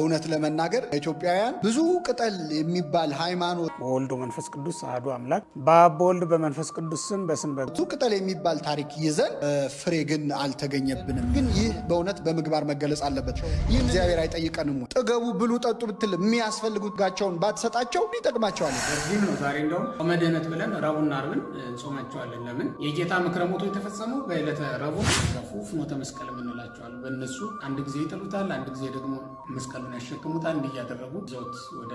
እውነት ለመናገር ኢትዮጵያውያን ብዙ ቅጠል የሚባል ሃይማኖት በወልድ መንፈስ ቅዱስ አህዱ አምላክ በአብ በወልድ በመንፈስ ቅዱስ ስም በስም ብዙ ቅጠል የሚባል ታሪክ ይዘን ፍሬ ግን አልተገኘብንም። ግን ይህ በእውነት በምግባር መገለጽ አለበት። ይህ እግዚአብሔር አይጠይቀንም። ጥገቡ፣ ብሉ፣ ጠጡ ብትል የሚያስፈልጉጋቸውን ባትሰጣቸው ይጠቅማቸዋል። በዚህም ነው ዛሬ እንደውም ጾመ ድኅነት ብለን ረቡዕና ዓርብን እንጾማቸዋለን። ለምን የጌታ ምክረ ሞቶ የተፈጸመው በዕለተ ረቡዕ ፍኖተ መስቀል የምንላቸዋል። በእነሱ አንድ ጊዜ ይጥሉታል፣ አንድ ጊዜ ደግሞ መስቀል ያሸክሙት አንድ እያደረጉ ዞት ወደ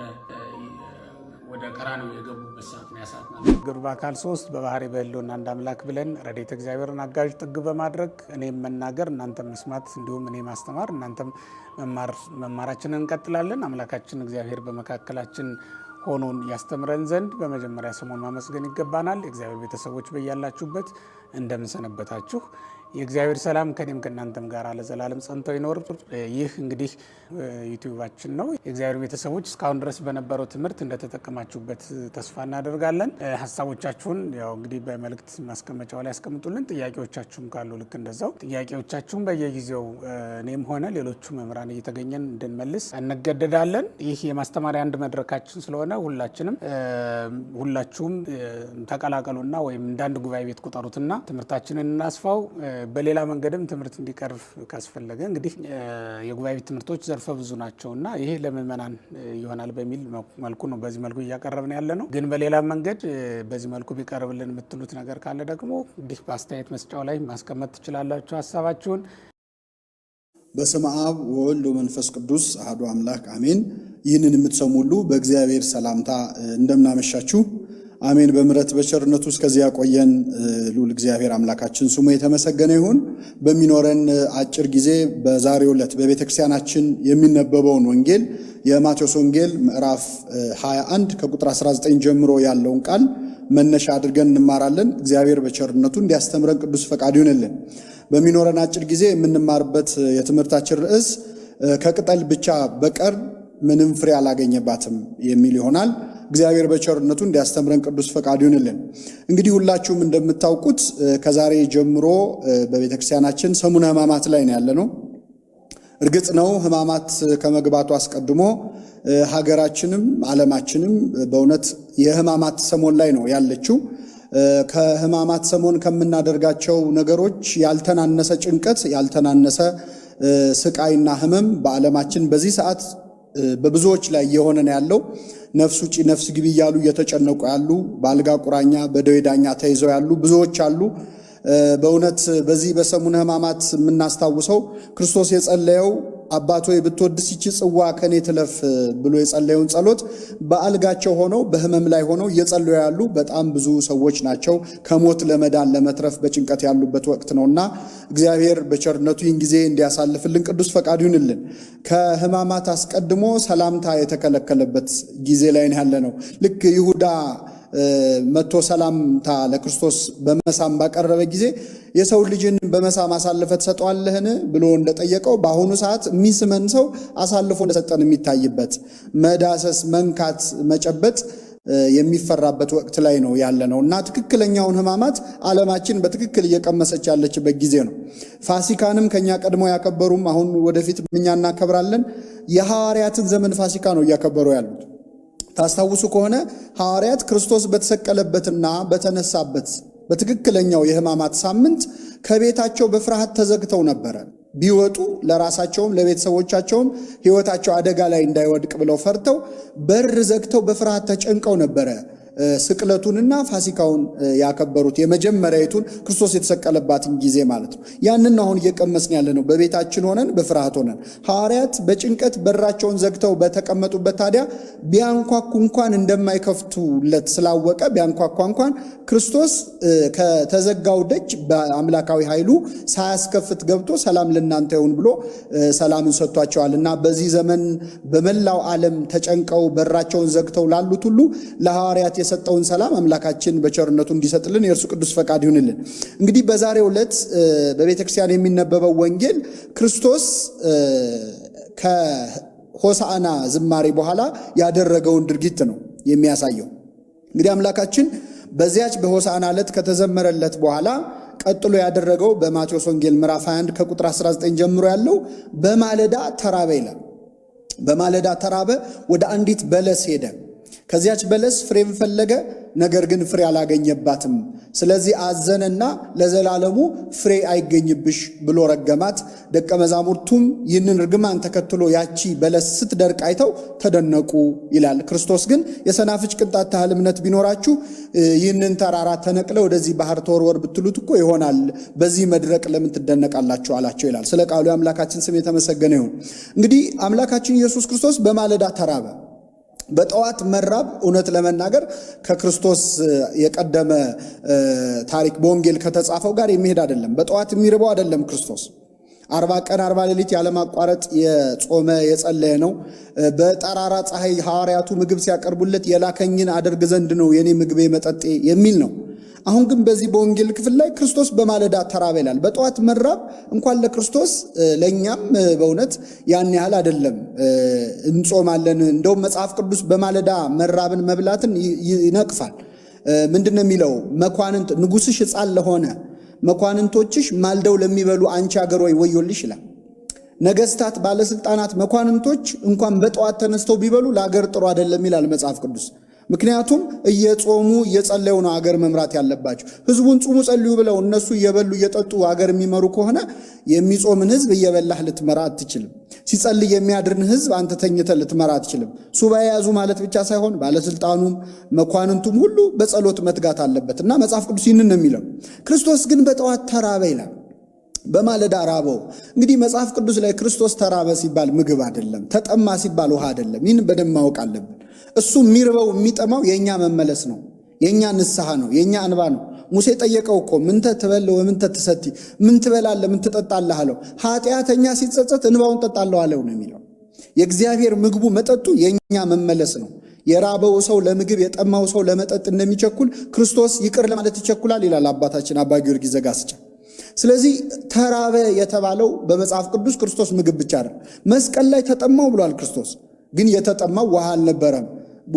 ወደ ቀራንዮ የገቡበት ሰዓት ነው ያሳትናል። ግብር በአካል ሶስት በባህሪ በህልውና አንድ አምላክ ብለን ረድኤተ እግዚአብሔርን አጋዥ ጥግ በማድረግ እኔም መናገር እናንተም መስማት፣ እንዲሁም እኔ ማስተማር እናንተም መማራችንን እንቀጥላለን። አምላካችን እግዚአብሔር በመካከላችን ሆኖን ያስተምረን ዘንድ በመጀመሪያ ስሙን ማመስገን ይገባናል። እግዚአብሔር ቤተሰቦች በያላችሁበት እንደምንሰነበታችሁ የእግዚአብሔር ሰላም ከኔም ከእናንተም ጋር ለዘላለም ጸንተው ይኖር። ይህ እንግዲህ ዩቲዩባችን ነው። የእግዚአብሔር ቤተሰቦች እስካሁን ድረስ በነበረው ትምህርት እንደተጠቀማችሁበት ተስፋ እናደርጋለን። ሀሳቦቻችሁን ያው እንግዲህ በመልእክት ማስቀመጫው ላይ ያስቀምጡልን። ጥያቄዎቻችሁም ካሉ ልክ እንደዛው ጥያቄዎቻችሁም በየጊዜው እኔም ሆነ ሌሎቹ መምህራን እየተገኘን እንድንመልስ እንገደዳለን። ይህ የማስተማሪያ አንድ መድረካችን ስለሆነ ሁላችንም ሁላችሁም ተቀላቀሉና ወይም እንዳንድ ጉባኤ ቤት ቁጠሩትና ትምህርታችንን እናስፋው። በሌላ መንገድም ትምህርት እንዲቀርብ ካስፈለገ እንግዲህ የጉባኤ ቤት ትምህርቶች ዘርፈ ብዙ ናቸው እና ይሄ ለምእመናን ይሆናል በሚል መልኩ ነው በዚህ መልኩ እያቀረብን ያለ ነው። ግን በሌላ መንገድ በዚህ መልኩ ቢቀርብልን የምትሉት ነገር ካለ ደግሞ እንዲህ በአስተያየት መስጫው ላይ ማስቀመጥ ትችላላችሁ ሀሳባችሁን። በስመ አብ ወወልድ ወመንፈስ ቅዱስ አሐዱ አምላክ አሜን። ይህንን የምትሰሙ ሁሉ በእግዚአብሔር ሰላምታ እንደምናመሻችሁ አሜን። በምሕረት በቸርነቱ እስከዚህ ያቆየን ልዑል እግዚአብሔር አምላካችን ስሙ የተመሰገነ ይሁን። በሚኖረን አጭር ጊዜ በዛሬው ዕለት በቤተ ክርስቲያናችን የሚነበበውን ወንጌል የማቴዎስ ወንጌል ምዕራፍ 21 ከቁጥር 19 ጀምሮ ያለውን ቃል መነሻ አድርገን እንማራለን። እግዚአብሔር በቸርነቱ እንዲያስተምረን ቅዱስ ፈቃድ ይሁንልን። በሚኖረን አጭር ጊዜ የምንማርበት የትምህርታችን ርዕስ ከቅጠል ብቻ በቀር ምንም ፍሬ አላገኘባትም የሚል ይሆናል። እግዚአብሔር በቸርነቱ እንዲያስተምረን ቅዱስ ፈቃድ ይሆንልን። እንግዲህ ሁላችሁም እንደምታውቁት ከዛሬ ጀምሮ በቤተ ክርስቲያናችን ሰሙነ ሕማማት ላይ ነው ያለ ነው። እርግጥ ነው ሕማማት ከመግባቱ አስቀድሞ ሀገራችንም ዓለማችንም በእውነት የሕማማት ሰሞን ላይ ነው ያለችው። ከሕማማት ሰሞን ከምናደርጋቸው ነገሮች ያልተናነሰ ጭንቀት፣ ያልተናነሰ ስቃይና ሕመም በዓለማችን በዚህ ሰዓት በብዙዎች ላይ የሆነ ነው ያለው። ነፍስ ውጪ ነፍስ ግቢ እያሉ እየተጨነቁ ያሉ፣ በአልጋ ቁራኛ በደዌ ዳኛ ተይዘው ያሉ ብዙዎች አሉ። በእውነት በዚህ በሰሙነ ሕማማት የምናስታውሰው ክርስቶስ የጸለየው አባቶ ብትወድስ ይቺ ጽዋ ከኔ ትለፍ ብሎ የጸለየውን ጸሎት በአልጋቸው ሆነው በህመም ላይ ሆነው እየጸለዩ ያሉ በጣም ብዙ ሰዎች ናቸው። ከሞት ለመዳን ለመትረፍ በጭንቀት ያሉበት ወቅት ነውና እግዚአብሔር በቸርነቱ ይህን ጊዜ እንዲያሳልፍልን ቅዱስ ፈቃድ ይሁንልን። ከህማማት አስቀድሞ ሰላምታ የተከለከለበት ጊዜ ላይ ያለ ነው። ልክ ይሁዳ መቶ ሰላምታ ለክርስቶስ በመሳም ባቀረበ ጊዜ የሰው ልጅን በመሳም አሳልፈ ትሰጠዋለህን ብሎ እንደጠየቀው በአሁኑ ሰዓት የሚስመን ሰው አሳልፎ እንደሰጠን የሚታይበት መዳሰስ፣ መንካት፣ መጨበጥ የሚፈራበት ወቅት ላይ ነው ያለ ነው እና ትክክለኛውን ሕማማት ዓለማችን በትክክል እየቀመሰች ያለችበት ጊዜ ነው። ፋሲካንም ከኛ ቀድሞ ያከበሩም አሁን ወደፊት እኛ እናከብራለን። የሐዋርያትን ዘመን ፋሲካ ነው እያከበሩ ያሉት። ታስታውሱ ከሆነ ሐዋርያት ክርስቶስ በተሰቀለበትና በተነሳበት በትክክለኛው የሕማማት ሳምንት ከቤታቸው በፍርሃት ተዘግተው ነበረ። ቢወጡ ለራሳቸውም ለቤተሰቦቻቸውም ሕይወታቸው አደጋ ላይ እንዳይወድቅ ብለው ፈርተው በር ዘግተው በፍርሃት ተጨንቀው ነበረ። ስቅለቱንና ፋሲካውን ያከበሩት የመጀመሪያዊቱን ክርስቶስ የተሰቀለባትን ጊዜ ማለት ነው። ያንን አሁን እየቀመስን ያለ ነው። በቤታችን ሆነን በፍርሃት ሆነን ሐዋርያት በጭንቀት በራቸውን ዘግተው በተቀመጡበት ታዲያ ቢያንኳኩ እንኳን እንደማይከፍቱለት ስላወቀ ቢያንኳኳ እንኳን ክርስቶስ ከተዘጋው ደጅ በአምላካዊ ኃይሉ ሳያስከፍት ገብቶ ሰላም ለእናንተ ይሁን ብሎ ሰላምን ሰጥቷቸዋል እና በዚህ ዘመን በመላው ዓለም ተጨንቀው በራቸውን ዘግተው ላሉት ሁሉ ለሐዋርያት የሰጠውን ሰላም አምላካችን በቸርነቱ እንዲሰጥልን የእርሱ ቅዱስ ፈቃድ ይሁንልን። እንግዲህ በዛሬ ዕለት በቤተ ክርስቲያን የሚነበበው ወንጌል ክርስቶስ ከሆሳዕና ዝማሬ በኋላ ያደረገውን ድርጊት ነው የሚያሳየው። እንግዲህ አምላካችን በዚያች በሆሳዕና ዕለት ከተዘመረለት በኋላ ቀጥሎ ያደረገው በማቴዎስ ወንጌል ምዕራፍ 21 ከቁጥር 19 ጀምሮ ያለው በማለዳ ተራበ ይላል። በማለዳ ተራበ፣ ወደ አንዲት በለስ ሄደ ከዚያች በለስ ፍሬም ፈለገ፣ ነገር ግን ፍሬ አላገኘባትም። ስለዚህ አዘነና ለዘላለሙ ፍሬ አይገኝብሽ ብሎ ረገማት። ደቀ መዛሙርቱም ይህንን ርግማን ተከትሎ ያቺ በለስ ስትደርቅ አይተው ተደነቁ ይላል። ክርስቶስ ግን የሰናፍጭ ቅንጣት ታህል እምነት ቢኖራችሁ ይህንን ተራራ ተነቅለ ወደዚህ ባህር ተወርወር ብትሉት እኮ ይሆናል፣ በዚህ መድረቅ ለምን ትደነቃላችሁ አላቸው ይላል። ስለ ቃሉ የአምላካችን ስም የተመሰገነ ይሁን። እንግዲህ አምላካችን ኢየሱስ ክርስቶስ በማለዳ ተራበ። በጠዋት መራብ እውነት ለመናገር ከክርስቶስ የቀደመ ታሪክ በወንጌል ከተጻፈው ጋር የሚሄድ አይደለም። በጠዋት የሚርበው አይደለም ክርስቶስ አርባ ቀን አርባ ሌሊት ያለማቋረጥ የጾመ የጸለየ ነው። በጠራራ ፀሐይ ሐዋርያቱ ምግብ ሲያቀርቡለት የላከኝን አደርግ ዘንድ ነው የኔ ምግቤ መጠጤ የሚል ነው። አሁን ግን በዚህ በወንጌል ክፍል ላይ ክርስቶስ በማለዳ ተራበ ይላል። በጠዋት መራብ እንኳን ለክርስቶስ ለእኛም በእውነት ያን ያህል አይደለም፣ እንጾማለን። እንደውም መጽሐፍ ቅዱስ በማለዳ መራብን መብላትን ይነቅፋል። ምንድን ነው የሚለው? መኳንንት ንጉሥሽ ሕፃን ለሆነ መኳንንቶችሽ ማልደው ለሚበሉ አንቺ አገር ወይ ወዮልሽ ይላል። ነገስታት፣ ባለስልጣናት፣ መኳንንቶች እንኳን በጠዋት ተነስተው ቢበሉ ለአገር ጥሩ አይደለም ይላል መጽሐፍ ቅዱስ። ምክንያቱም እየጾሙ እየጸለዩ ነው አገር መምራት ያለባቸው። ህዝቡን ጹሙ ጸልዩ ብለው እነሱ እየበሉ እየጠጡ አገር የሚመሩ ከሆነ የሚጾምን ህዝብ እየበላህ ልትመራ አትችልም። ሲጸልይ የሚያድርን ህዝብ አንተ ተኝተ ልትመራ አትችልም። ሱባኤ ያዙ ማለት ብቻ ሳይሆን ባለስልጣኑም መኳንንቱም ሁሉ በጸሎት መትጋት አለበት እና መጽሐፍ ቅዱስ ይህንን ነው የሚለው። ክርስቶስ ግን በጠዋት ተራበ ይላል። በማለዳ ራበው። እንግዲህ መጽሐፍ ቅዱስ ላይ ክርስቶስ ተራበ ሲባል ምግብ አይደለም፣ ተጠማ ሲባል ውሃ አይደለም። ይህን በደንብ ማወቅ አለብን። እሱ የሚርበው የሚጠማው የእኛ መመለስ ነው፣ የእኛ ንስሐ ነው፣ የእኛ እንባ ነው። ሙሴ ጠየቀው እኮ ምንተ ትበል ወምንተ ትሰቲ፣ ምን ትበላለ ምን ትጠጣለህ አለው። ኃጢአተኛ ሲጸጸት እንባውን ጠጣለሁ አለው ነው የሚለው። የእግዚአብሔር ምግቡ መጠጡ የእኛ መመለስ ነው። የራበው ሰው ለምግብ የጠማው ሰው ለመጠጥ እንደሚቸኩል ክርስቶስ ይቅር ለማለት ይቸኩላል ይላል አባታችን አባ ጊዮርጊስ ዘጋስጫ። ስለዚህ ተራበ የተባለው በመጽሐፍ ቅዱስ ክርስቶስ ምግብ ብቻ አይደለም። መስቀል ላይ ተጠማው ብሏል ክርስቶስ። ግን የተጠማው ውሃ አልነበረም።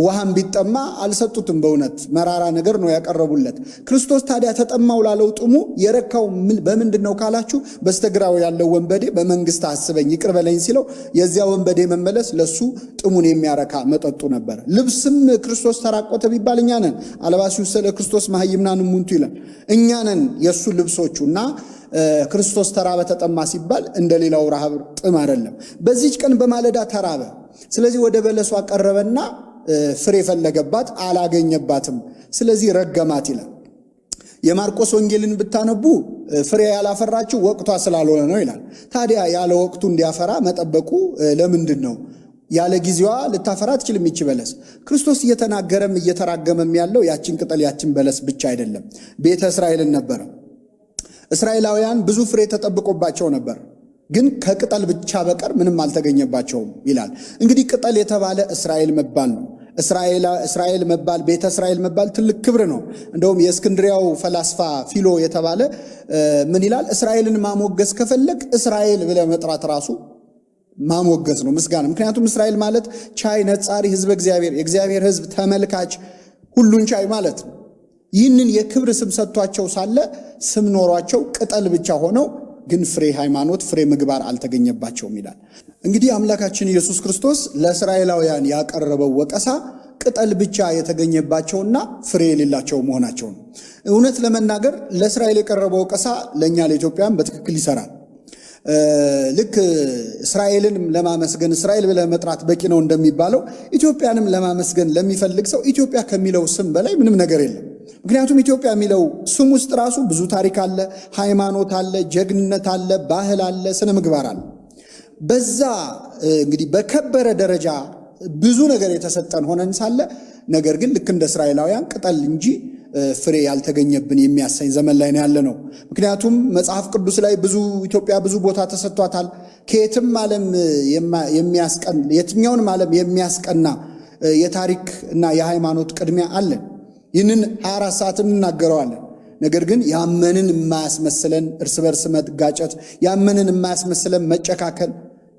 ውሃም ቢጠማ አልሰጡትም። በእውነት መራራ ነገር ነው ያቀረቡለት። ክርስቶስ ታዲያ ተጠማው ላለው ጥሙ የረካው በምንድን ነው ካላችሁ፣ በስተግራው ያለው ወንበዴ በመንግስት አስበኝ ይቅር በለኝ ሲለው የዚያ ወንበዴ መመለስ ለሱ ጥሙን የሚያረካ መጠጡ ነበር። ልብስም ክርስቶስ ተራቆተ ቢባል እኛ ነን። ስለ ክርስቶስ መሐይምና ንሙንቱ ይለን እኛ ነን የእሱ ልብሶቹ እና ክርስቶስ ተራበ ተጠማ ሲባል እንደ ሌላው ረሃብ ጥም አይደለም። በዚች ቀን በማለዳ ተራበ። ስለዚህ ወደ በለሱ አቀረበና ፍሬ ፈለገባት፣ አላገኘባትም። ስለዚህ ረገማት ይላል። የማርቆስ ወንጌልን ብታነቡ ፍሬ ያላፈራችው ወቅቷ ስላልሆነ ነው ይላል። ታዲያ ያለ ወቅቱ እንዲያፈራ መጠበቁ ለምንድን ነው? ያለ ጊዜዋ ልታፈራ ትችልም ይች በለስ። ክርስቶስ እየተናገረም እየተራገመም ያለው ያችን ቅጠል ያችን በለስ ብቻ አይደለም፣ ቤተ እስራኤልን ነበረ። እስራኤላውያን ብዙ ፍሬ ተጠብቆባቸው ነበር፣ ግን ከቅጠል ብቻ በቀር ምንም አልተገኘባቸውም ይላል። እንግዲህ ቅጠል የተባለ እስራኤል መባል ነው። እስራኤል መባል ቤተ እስራኤል መባል ትልቅ ክብር ነው። እንደውም የእስክንድሪያው ፈላስፋ ፊሎ የተባለ ምን ይላል? እስራኤልን ማሞገስ ከፈለግ እስራኤል ብለህ መጥራት ራሱ ማሞገስ ነው፣ ምስጋና። ምክንያቱም እስራኤል ማለት ቻይ፣ ነጻሪ ህዝብ እግዚአብሔር፣ የእግዚአብሔር ህዝብ፣ ተመልካች፣ ሁሉን ቻይ ማለት ነው። ይህንን የክብር ስም ሰጥቷቸው ሳለ ስም ኖሯቸው ቅጠል ብቻ ሆነው ግን ፍሬ ሃይማኖት፣ ፍሬ ምግባር አልተገኘባቸውም ይላል። እንግዲህ አምላካችን ኢየሱስ ክርስቶስ ለእስራኤላውያን ያቀረበው ወቀሳ ቅጠል ብቻ የተገኘባቸውና ፍሬ የሌላቸው መሆናቸው ነው። እውነት ለመናገር ለእስራኤል የቀረበው ወቀሳ ለእኛ ለኢትዮጵያን በትክክል ይሰራል። ልክ እስራኤልን ለማመስገን እስራኤል ብለህ መጥራት በቂ ነው እንደሚባለው ኢትዮጵያንም ለማመስገን ለሚፈልግ ሰው ኢትዮጵያ ከሚለው ስም በላይ ምንም ነገር የለም። ምክንያቱም ኢትዮጵያ የሚለው ስም ውስጥ ራሱ ብዙ ታሪክ አለ፣ ሃይማኖት አለ፣ ጀግንነት አለ፣ ባህል አለ፣ ስነ ምግባር አለ። በዛ እንግዲህ በከበረ ደረጃ ብዙ ነገር የተሰጠን ሆነን ሳለ ነገር ግን ልክ እንደ እስራኤላውያን ቅጠል እንጂ ፍሬ ያልተገኘብን የሚያሳኝ ዘመን ላይ ነው ያለ ነው። ምክንያቱም መጽሐፍ ቅዱስ ላይ ብዙ ኢትዮጵያ ብዙ ቦታ ተሰጥቷታል። ከየትም ዓለም የትኛውንም ዓለም የሚያስቀና የታሪክ እና የሃይማኖት ቅድሚያ አለን። ይህንን 24 ሰዓት እናገረዋለን። ነገር ግን ያመንን የማያስመስለን እርስ በርስ መጋጨት፣ ያመንን የማያስመስለን መጨካከል፣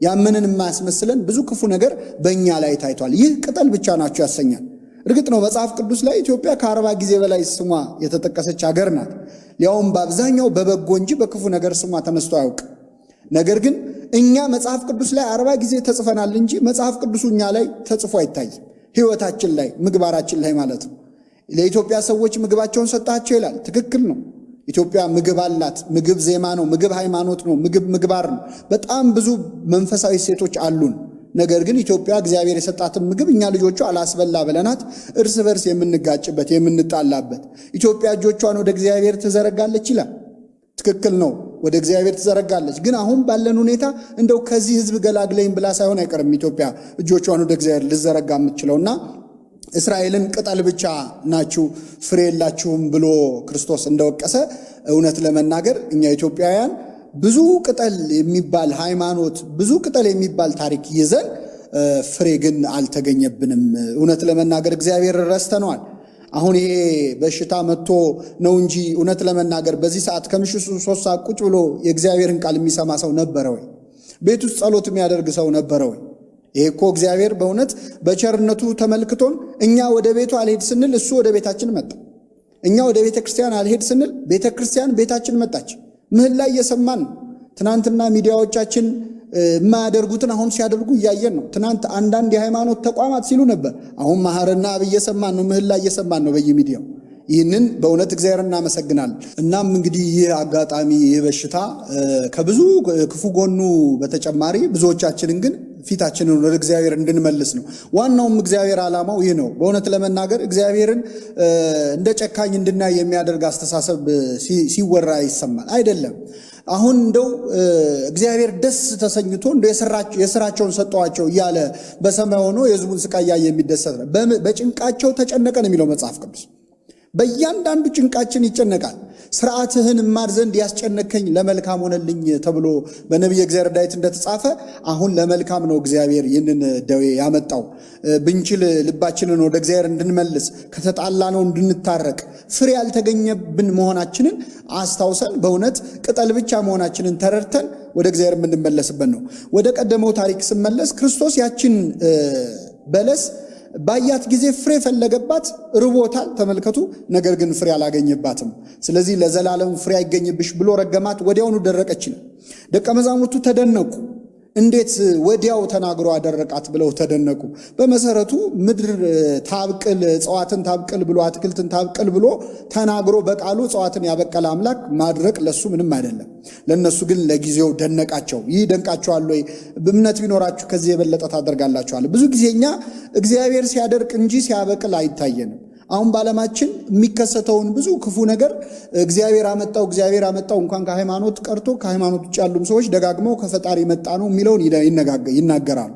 ያመንን የማያስመስለን ብዙ ክፉ ነገር በእኛ ላይ ታይቷል። ይህ ቅጠል ብቻ ናቸው ያሰኛል። እርግጥ ነው መጽሐፍ ቅዱስ ላይ ኢትዮጵያ ከአርባ ጊዜ በላይ ስሟ የተጠቀሰች ሀገር ናት። ሊያውም በአብዛኛው በበጎ እንጂ በክፉ ነገር ስሟ ተነስቶ አያውቅ። ነገር ግን እኛ መጽሐፍ ቅዱስ ላይ አርባ ጊዜ ተጽፈናል እንጂ መጽሐፍ ቅዱሱ እኛ ላይ ተጽፎ አይታይም። ህይወታችን ላይ ምግባራችን ላይ ማለት ነው። ለኢትዮጵያ ሰዎች ምግባቸውን ሰጣቸው ይላል። ትክክል ነው። ኢትዮጵያ ምግብ አላት። ምግብ ዜማ ነው። ምግብ ሃይማኖት ነው። ምግብ ምግባር ነው። በጣም ብዙ መንፈሳዊ ሴቶች አሉን። ነገር ግን ኢትዮጵያ እግዚአብሔር የሰጣትን ምግብ እኛ ልጆቿ አላስበላ ብለናት እርስ በርስ የምንጋጭበት የምንጣላበት። ኢትዮጵያ እጆቿን ወደ እግዚአብሔር ትዘረጋለች ይላል። ትክክል ነው። ወደ እግዚአብሔር ትዘረጋለች። ግን አሁን ባለን ሁኔታ እንደው ከዚህ ሕዝብ ገላግለኝ ብላ ሳይሆን አይቀርም ኢትዮጵያ እጆቿን ወደ እግዚአብሔር ልዘረጋ የምትችለውና እስራኤልን ቅጠል ብቻ ናችሁ ፍሬ የላችሁም ብሎ ክርስቶስ እንደወቀሰ እውነት ለመናገር እኛ ኢትዮጵያውያን ብዙ ቅጠል የሚባል ሃይማኖት፣ ብዙ ቅጠል የሚባል ታሪክ ይዘን ፍሬ ግን አልተገኘብንም። እውነት ለመናገር እግዚአብሔር ረስተነዋል። አሁን ይሄ በሽታ መጥቶ ነው እንጂ እውነት ለመናገር በዚህ ሰዓት ከምሽቱ ሶስት ሰዓት ቁጭ ብሎ የእግዚአብሔርን ቃል የሚሰማ ሰው ነበረ ወይ? ቤት ውስጥ ጸሎት የሚያደርግ ሰው ነበረ ወይ? ይሄ እኮ እግዚአብሔር በእውነት በቸርነቱ ተመልክቶን እኛ ወደ ቤቱ አልሄድ ስንል እሱ ወደ ቤታችን መጣ። እኛ ወደ ቤተ ክርስቲያን አልሄድ ስንል ቤተ ክርስቲያን ቤታችን መጣች። ላይ እየሰማን ትናንትና ሚዲያዎቻችን የማያደርጉትን አሁን ሲያደርጉ እያየን ነው። ትናንት አንዳንድ የሃይማኖት ተቋማት ሲሉ ነበር። አሁን መሐርና አብ እየሰማን ነው፣ ላይ እየሰማን ነው በየሚዲያው። ይህንን በእውነት እግዚአብሔር እናመሰግናል። እናም እንግዲህ ይህ አጋጣሚ ይህ በሽታ ከብዙ ክፉ ጎኑ በተጨማሪ ብዙዎቻችንን ግን ፊታችንን ወደ እግዚአብሔር እንድንመልስ ነው። ዋናውም እግዚአብሔር ዓላማው ይህ ነው። በእውነት ለመናገር እግዚአብሔርን እንደ ጨካኝ እንድናይ የሚያደርግ አስተሳሰብ ሲወራ ይሰማል። አይደለም። አሁን እንደው እግዚአብሔር ደስ ተሰኝቶ እንደ የስራቸውን ሰጠዋቸው እያለ በሰማይ ሆኖ የህዝቡን ስቃይ እያየ የሚደሰት ነው። በጭንቃቸው ተጨነቀ ነው የሚለው መጽሐፍ ቅዱስ። በእያንዳንዱ ጭንቃችን ይጨነቃል። ስርዓትህን እማር ዘንድ ያስጨነከኝ ለመልካም ሆነልኝ ተብሎ በነቢየ እግዚአብሔር ዳዊት እንደተጻፈ አሁን ለመልካም ነው እግዚአብሔር ይህንን ደዌ ያመጣው። ብንችል ልባችንን ወደ እግዚአብሔር እንድንመልስ፣ ከተጣላ ነው እንድንታረቅ፣ ፍሬ ያልተገኘብን መሆናችንን አስታውሰን በእውነት ቅጠል ብቻ መሆናችንን ተረድተን ወደ እግዚአብሔር የምንመለስበት ነው። ወደ ቀደመው ታሪክ ስመለስ ክርስቶስ ያችን በለስ ባያት ጊዜ ፍሬ ፈለገባት፣ ርቦታል። ተመልከቱ። ነገር ግን ፍሬ አላገኘባትም። ስለዚህ ለዘላለም ፍሬ አይገኝብሽ ብሎ ረገማት። ወዲያውኑ ደረቀች። ደቀ መዛሙርቱ ተደነቁ። እንዴት ወዲያው ተናግሮ አደረቃት ብለው ተደነቁ። በመሰረቱ ምድር ታብቅል እጽዋትን ታብቅል ብሎ አትክልትን ታብቅል ብሎ ተናግሮ በቃሉ እጽዋትን ያበቀለ አምላክ ማድረቅ ለሱ ምንም አይደለም። ለእነሱ ግን ለጊዜው ደነቃቸው። ይህ ደንቃቸዋል ወይ? እምነት ቢኖራችሁ ከዚህ የበለጠ ታደርጋላችኋል። ብዙ ጊዜኛ እግዚአብሔር ሲያደርቅ እንጂ ሲያበቅል አይታየንም። አሁን በዓለማችን የሚከሰተውን ብዙ ክፉ ነገር እግዚአብሔር አመጣው እግዚአብሔር አመጣው እንኳን ከሃይማኖት ቀርቶ ከሃይማኖት ውጭ ያሉም ሰዎች ደጋግመው ከፈጣሪ መጣ ነው የሚለውን ይናገራሉ።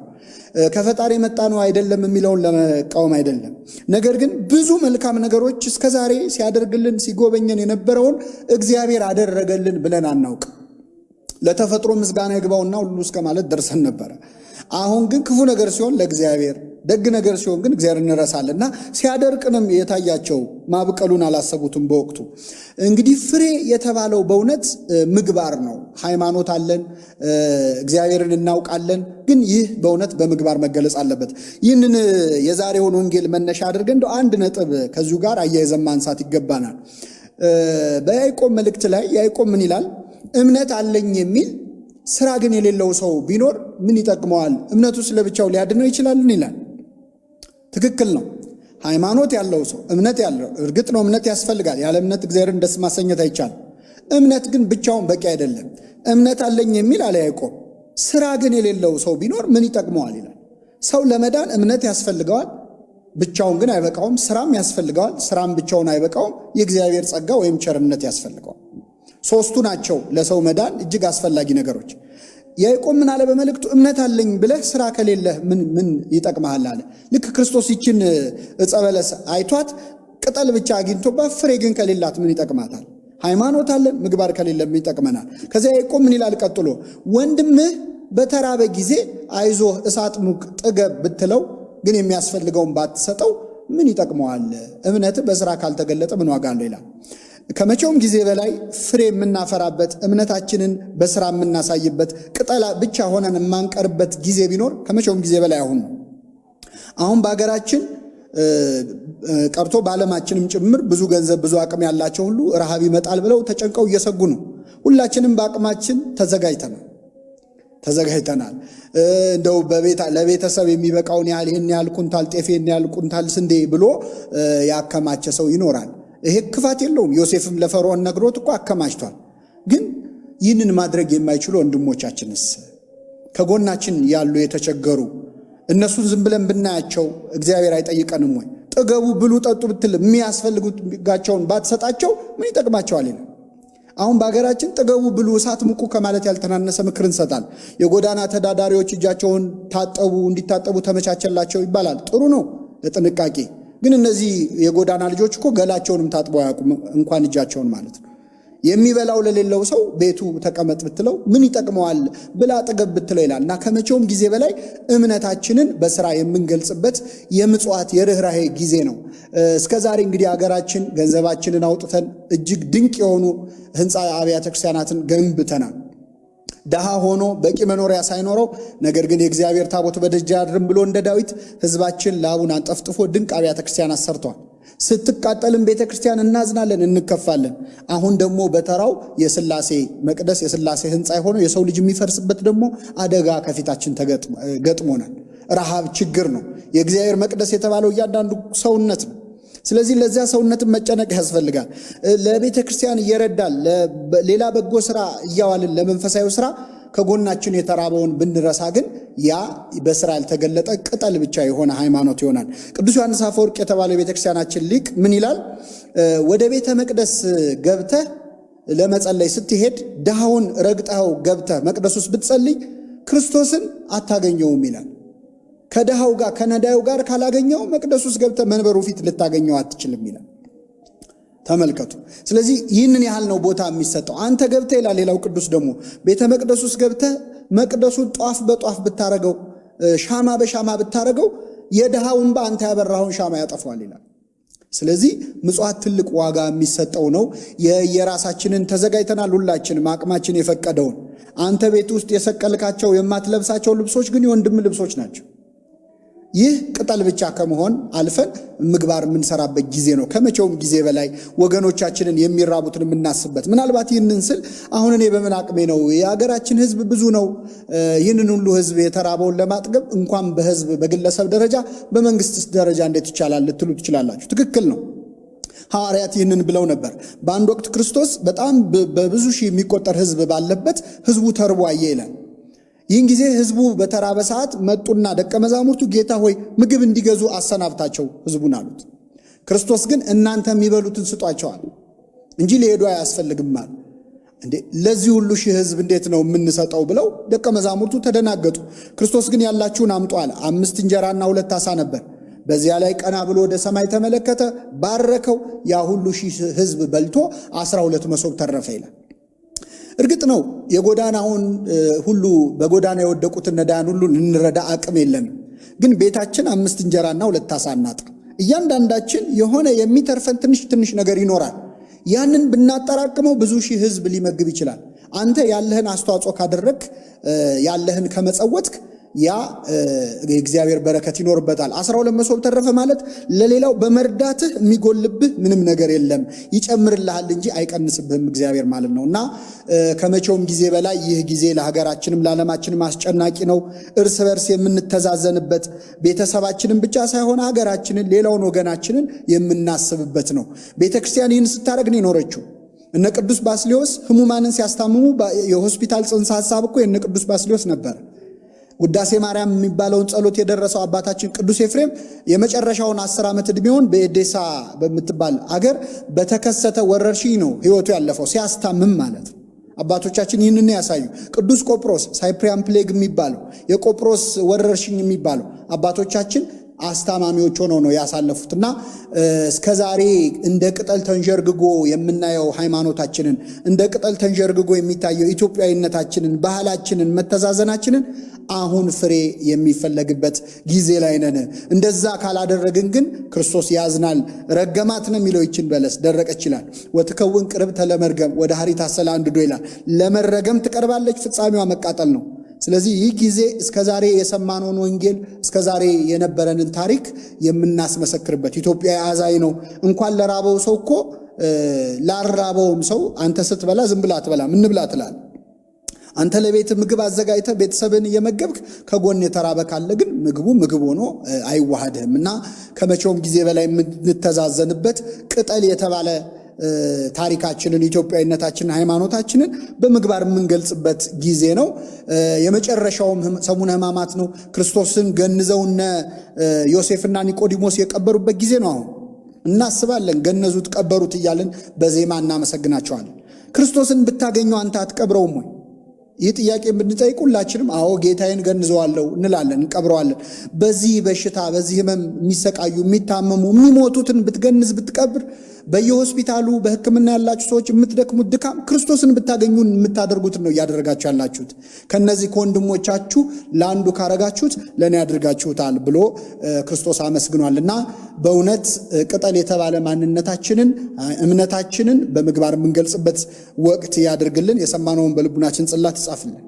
ከፈጣሪ መጣ ነው አይደለም የሚለውን ለመቃወም አይደለም። ነገር ግን ብዙ መልካም ነገሮች እስከዛሬ ሲያደርግልን ሲጎበኘን የነበረውን እግዚአብሔር አደረገልን ብለን አናውቅ። ለተፈጥሮ ምስጋና ይግባውና ሁሉ እስከ ማለት ደርሰን ነበረ። አሁን ግን ክፉ ነገር ሲሆን ለእግዚአብሔር ደግ ነገር ሲሆን ግን እግዚአብሔር እንረሳል እና ሲያደርቅንም የታያቸው ማብቀሉን አላሰቡትም። በወቅቱ እንግዲህ ፍሬ የተባለው በእውነት ምግባር ነው። ሃይማኖት አለን፣ እግዚአብሔርን እናውቃለን፣ ግን ይህ በእውነት በምግባር መገለጽ አለበት። ይህንን የዛሬውን ወንጌል መነሻ አድርገን እንደ አንድ ነጥብ ከዚሁ ጋር አያይዘን ማንሳት ይገባናል። በያዕቆብ መልእክት ላይ ያዕቆብ ምን ይላል? እምነት አለኝ የሚል ስራ ግን የሌለው ሰው ቢኖር ምን ይጠቅመዋል? እምነቱስ ለብቻው ሊያድነው ይችላልን? ይላል። ትክክል ነው። ሃይማኖት ያለው ሰው እምነት ያለው እርግጥ ነው እምነት ያስፈልጋል። ያለ እምነት እግዚአብሔርን ደስ ማሰኘት አይቻልም። እምነት ግን ብቻውን በቂ አይደለም። እምነት አለኝ የሚል አለ ያዕቆብ። ስራ ግን የሌለው ሰው ቢኖር ምን ይጠቅመዋል? ይላል። ሰው ለመዳን እምነት ያስፈልገዋል፣ ብቻውን ግን አይበቃውም። ስራም ያስፈልገዋል፣ ስራም ብቻውን አይበቃውም። የእግዚአብሔር ጸጋ ወይም ቸርነት ያስፈልገዋል። ሶስቱ ናቸው ለሰው መዳን እጅግ አስፈላጊ ነገሮች። ያዕቆብ ምን አለ በመልእክቱ? እምነት አለኝ ብለህ ስራ ከሌለህ ምን ምን ይጠቅመሃል አለ። ልክ ክርስቶስ ይችን ዕፀ በለስ አይቷት ቅጠል ብቻ አግኝቶባት ፍሬ ግን ከሌላት ምን ይጠቅማታል? ሃይማኖት አለ ምግባር ከሌለ ምን ይጠቅመናል? ከዚያ ያዕቆብ ምን ይላል ቀጥሎ? ወንድምህ በተራበ ጊዜ አይዞህ እሳት ሙቅ ጥገብ ብትለው ግን የሚያስፈልገውን ባትሰጠው ምን ይጠቅመዋል? እምነት በስራ ካልተገለጠ ምን ዋጋ አለው ይላል። ከመቼውም ጊዜ በላይ ፍሬ የምናፈራበት እምነታችንን በስራ የምናሳይበት ቅጠላ ብቻ ሆነን የማንቀርበት ጊዜ ቢኖር ከመቼውም ጊዜ በላይ አሁን ነው። አሁን በሀገራችን ቀርቶ በዓለማችንም ጭምር ብዙ ገንዘብ ብዙ አቅም ያላቸው ሁሉ ረሃብ ይመጣል ብለው ተጨንቀው እየሰጉ ነው። ሁላችንም በአቅማችን ተዘጋጅተናል ተዘጋጅተናል እንደው ለቤተሰብ የሚበቃውን ያህል ይህን ያህል ኩንታል ጤፍ፣ ይህን ያህል ኩንታል ስንዴ ብሎ ያከማቸ ሰው ይኖራል። ይሄ ክፋት የለውም። ዮሴፍም ለፈርዖን ነግሮት እኮ አከማችቷል። ግን ይህንን ማድረግ የማይችሉ ወንድሞቻችንስ ከጎናችን ያሉ የተቸገሩ እነሱን ዝም ብለን ብናያቸው እግዚአብሔር አይጠይቀንም ወይ? ጥገቡ፣ ብሉ፣ ጠጡ ብትል የሚያስፈልጋቸውን ባትሰጣቸው ምን ይጠቅማቸዋል? ይላል። አሁን በሀገራችን ጥገቡ፣ ብሉ፣ እሳት ሙቁ ከማለት ያልተናነሰ ምክር እንሰጣል። የጎዳና ተዳዳሪዎች እጃቸውን ታጠቡ፣ እንዲታጠቡ ተመቻቸላቸው ይባላል። ጥሩ ነው ለጥንቃቄ ግን እነዚህ የጎዳና ልጆች እኮ ገላቸውንም ታጥበው አያውቁም፣ እንኳን እጃቸውን ማለት ነው። የሚበላው ለሌለው ሰው ቤቱ ተቀመጥ ብትለው ምን ይጠቅመዋል ብላ አጠገብ ብትለው ይላል እና ከመቼውም ጊዜ በላይ እምነታችንን በስራ የምንገልጽበት የምጽዋት የርኅራሄ ጊዜ ነው። እስከ ዛሬ እንግዲህ ሀገራችን ገንዘባችንን አውጥተን እጅግ ድንቅ የሆኑ ህንፃ አብያተ ክርስቲያናትን ገንብተናል። ድሃ ሆኖ በቂ መኖሪያ ሳይኖረው ነገር ግን የእግዚአብሔር ታቦት በደጃ አድርም ብሎ እንደ ዳዊት ህዝባችን ላቡን አንጠፍጥፎ ድንቅ አብያተ ክርስቲያን አሰርቷል። ስትቃጠልም ቤተ ክርስቲያን እናዝናለን፣ እንከፋለን። አሁን ደግሞ በተራው የስላሴ መቅደስ የስላሴ ህንፃ የሆነው የሰው ልጅ የሚፈርስበት ደግሞ አደጋ ከፊታችን ገጥሞናል። ረሃብ ችግር ነው። የእግዚአብሔር መቅደስ የተባለው እያንዳንዱ ሰውነት ነው። ስለዚህ ለዚያ ሰውነትን መጨነቅ ያስፈልጋል። ለቤተ ክርስቲያን እየረዳል ሌላ በጎ ስራ እያዋልን ለመንፈሳዊ ስራ ከጎናችን የተራበውን ብንረሳ ግን ያ በስራ ያልተገለጠ ቅጠል ብቻ የሆነ ሃይማኖት ይሆናል። ቅዱስ ዮሐንስ አፈወርቅ የተባለው የቤተክርስቲያናችን ሊቅ ምን ይላል? ወደ ቤተ መቅደስ ገብተህ ለመጸለይ ስትሄድ ድሃውን ረግጠኸው ገብተህ መቅደስ ውስጥ ብትጸልይ ክርስቶስን አታገኘውም ይላል። ከድሃው ጋር ከነዳዩ ጋር ካላገኘው መቅደስ ውስጥ ገብተ መንበሩ ፊት ልታገኘው አትችልም ይላል። ተመልከቱ። ስለዚህ ይህንን ያህል ነው ቦታ የሚሰጠው። አንተ ገብተ ይላል ሌላው ቅዱስ ደግሞ ቤተ መቅደስ ውስጥ ገብተ መቅደሱን ጧፍ በጧፍ ብታረገው፣ ሻማ በሻማ ብታረገው የድሃውን በአንተ ያበራውን ሻማ ያጠፏል ይላል። ስለዚህ ምጽዋት ትልቅ ዋጋ የሚሰጠው ነው። የየራሳችንን ተዘጋጅተናል፣ ሁላችንም አቅማችን የፈቀደውን። አንተ ቤት ውስጥ የሰቀልካቸው የማትለብሳቸው ልብሶች ግን የወንድም ልብሶች ናቸው። ይህ ቅጠል ብቻ ከመሆን አልፈን ምግባር የምንሰራበት ጊዜ ነው። ከመቼውም ጊዜ በላይ ወገኖቻችንን የሚራቡትን የምናስበት። ምናልባት ይህንን ስል አሁን እኔ በምን አቅሜ ነው? የሀገራችን ሕዝብ ብዙ ነው። ይህንን ሁሉ ሕዝብ የተራበውን ለማጥገብ እንኳን በሕዝብ በግለሰብ ደረጃ በመንግስት ደረጃ እንዴት ይቻላል ልትሉ ትችላላችሁ። ትክክል ነው። ሐዋርያት ይህንን ብለው ነበር። በአንድ ወቅት ክርስቶስ በጣም በብዙ ሺህ የሚቆጠር ሕዝብ ባለበት ሕዝቡ ተርቦ አየ ይላል ይህን ጊዜ ህዝቡ በተራበ ሰዓት መጡና ደቀ መዛሙርቱ ጌታ ሆይ ምግብ እንዲገዙ አሰናብታቸው ህዝቡን አሉት። ክርስቶስ ግን እናንተ የሚበሉትን ስጧቸዋል እንጂ ሊሄዱ አያስፈልግማል። እንዴ ለዚህ ሁሉ ሺህ ህዝብ እንዴት ነው የምንሰጠው? ብለው ደቀ መዛሙርቱ ተደናገጡ። ክርስቶስ ግን ያላችሁን አምጡ አለ። አምስት እንጀራና ሁለት ዓሣ ነበር። በዚያ ላይ ቀና ብሎ ወደ ሰማይ ተመለከተ፣ ባረከው። ያ ሁሉ ሺህ ህዝብ በልቶ አስራ ሁለት መሶብ ተረፈ ይላል። እርግጥ ነው የጎዳናውን ሁሉ በጎዳና የወደቁትን ነዳያን ሁሉ ልንረዳ አቅም የለንም። ግን ቤታችን አምስት እንጀራና ሁለት አሳ እናጣ እያንዳንዳችን የሆነ የሚተርፈን ትንሽ ትንሽ ነገር ይኖራል። ያንን ብናጠራቅመው ብዙ ሺህ ሕዝብ ሊመግብ ይችላል። አንተ ያለህን አስተዋጽኦ ካደረግ ያለህን ከመጸወትክ ያ የእግዚአብሔር በረከት ይኖርበታል። አስራ ሁለት መሶብ ተረፈ ማለት ለሌላው በመርዳትህ የሚጎልብህ ምንም ነገር የለም፣ ይጨምርልሃል እንጂ አይቀንስብህም እግዚአብሔር ማለት ነው እና ከመቼውም ጊዜ በላይ ይህ ጊዜ ለሀገራችንም ለዓለማችንም አስጨናቂ ነው። እርስ በርስ የምንተዛዘንበት ቤተሰባችንን ብቻ ሳይሆን ሀገራችንን፣ ሌላውን ወገናችንን የምናስብበት ነው። ቤተ ክርስቲያን ይህን ስታደረግ ነው የኖረችው። እነ ቅዱስ ባስሌዎስ ህሙማንን ሲያስታምሙ የሆስፒታል ጽንሰ ሀሳብ እኮ የነ ቅዱስ ባስሌዎስ ነበር። ውዳሴ ማርያም የሚባለውን ጸሎት የደረሰው አባታችን ቅዱስ ኤፍሬም የመጨረሻውን አስር ዓመት ዕድሜውን በኤዴሳ በምትባል አገር በተከሰተ ወረርሽኝ ነው ህይወቱ ያለፈው ሲያስታምም ማለት ነው። አባቶቻችን ይህንን ያሳዩ። ቅዱስ ቆጵሮስ ሳይፕሪያን ፕሌግ የሚባለው የቆጵሮስ ወረርሽኝ የሚባለው አባቶቻችን አስታማሚዎች ሆነው ነው ያሳለፉት እና እስከ ዛሬ እንደ ቅጠል ተንዠርግጎ የምናየው ሃይማኖታችንን እንደ ቅጠል ተንዠርግጎ የሚታየው ኢትዮጵያዊነታችንን፣ ባህላችንን፣ መተዛዘናችንን አሁን ፍሬ የሚፈለግበት ጊዜ ላይ ነን። እንደዛ ካላደረግን ግን ክርስቶስ ያዝናል። ረገማት ነው የሚለው ይችን በለስ ደረቀች ይላል። ወትከውን ቅርብ ተለመርገም ወደ ሀሪት አሰላ አንድዶ ይላል። ለመረገም ትቀርባለች፣ ፍጻሜዋ መቃጠል ነው። ስለዚህ ይህ ጊዜ እስከ ዛሬ የሰማነውን ወንጌል እስከ ዛሬ የነበረንን ታሪክ የምናስመሰክርበት ኢትዮጵያ አዛኝ ነው። እንኳን ለራበው ሰው እኮ ላራበውም ሰው አንተ ስትበላ ዝም ብላ አትበላም፣ እንብላ ትላል። አንተ ለቤት ምግብ አዘጋጅተ ቤተሰብን እየመገብክ ከጎን የተራበ ካለ ግን ምግቡ ምግብ ሆኖ አይዋሃድህም እና ከመቼውም ጊዜ በላይ የምንተዛዘንበት ቅጠል የተባለ ታሪካችንን፣ ኢትዮጵያዊነታችንን፣ ሃይማኖታችንን በምግባር የምንገልጽበት ጊዜ ነው። የመጨረሻውም ሰሙነ ሕማማት ነው። ክርስቶስን ገንዘውነ ዮሴፍና ኒቆዲሞስ የቀበሩበት ጊዜ ነው። አሁን እናስባለን፣ ገነዙት፣ ቀበሩት እያለን በዜማ እናመሰግናቸዋለን። ክርስቶስን ብታገኘው አንተ አትቀብረውም ወይ? ይህ ጥያቄ ብንጠይቅ ሁላችንም አዎ ጌታዬን ገንዘዋለሁ እንላለን፣ እንቀብረዋለን። በዚህ በሽታ በዚህ ህመም የሚሰቃዩ የሚታመሙ የሚሞቱትን ብትገንዝ ብትቀብር፣ በየሆስፒታሉ በህክምና ያላችሁ ሰዎች የምትደክሙት ድካም ክርስቶስን ብታገኙ የምታደርጉትን ነው እያደረጋችሁ ያላችሁት። ከነዚህ ከወንድሞቻችሁ ለአንዱ ካረጋችሁት ለእኔ ያደርጋችሁታል ብሎ ክርስቶስ አመስግኗል። እና በእውነት ቅጠል የተባለ ማንነታችንን እምነታችንን በምግባር የምንገልጽበት ወቅት ያደርግልን። የሰማነውን በልቡናችን ጽላት አልጻፍም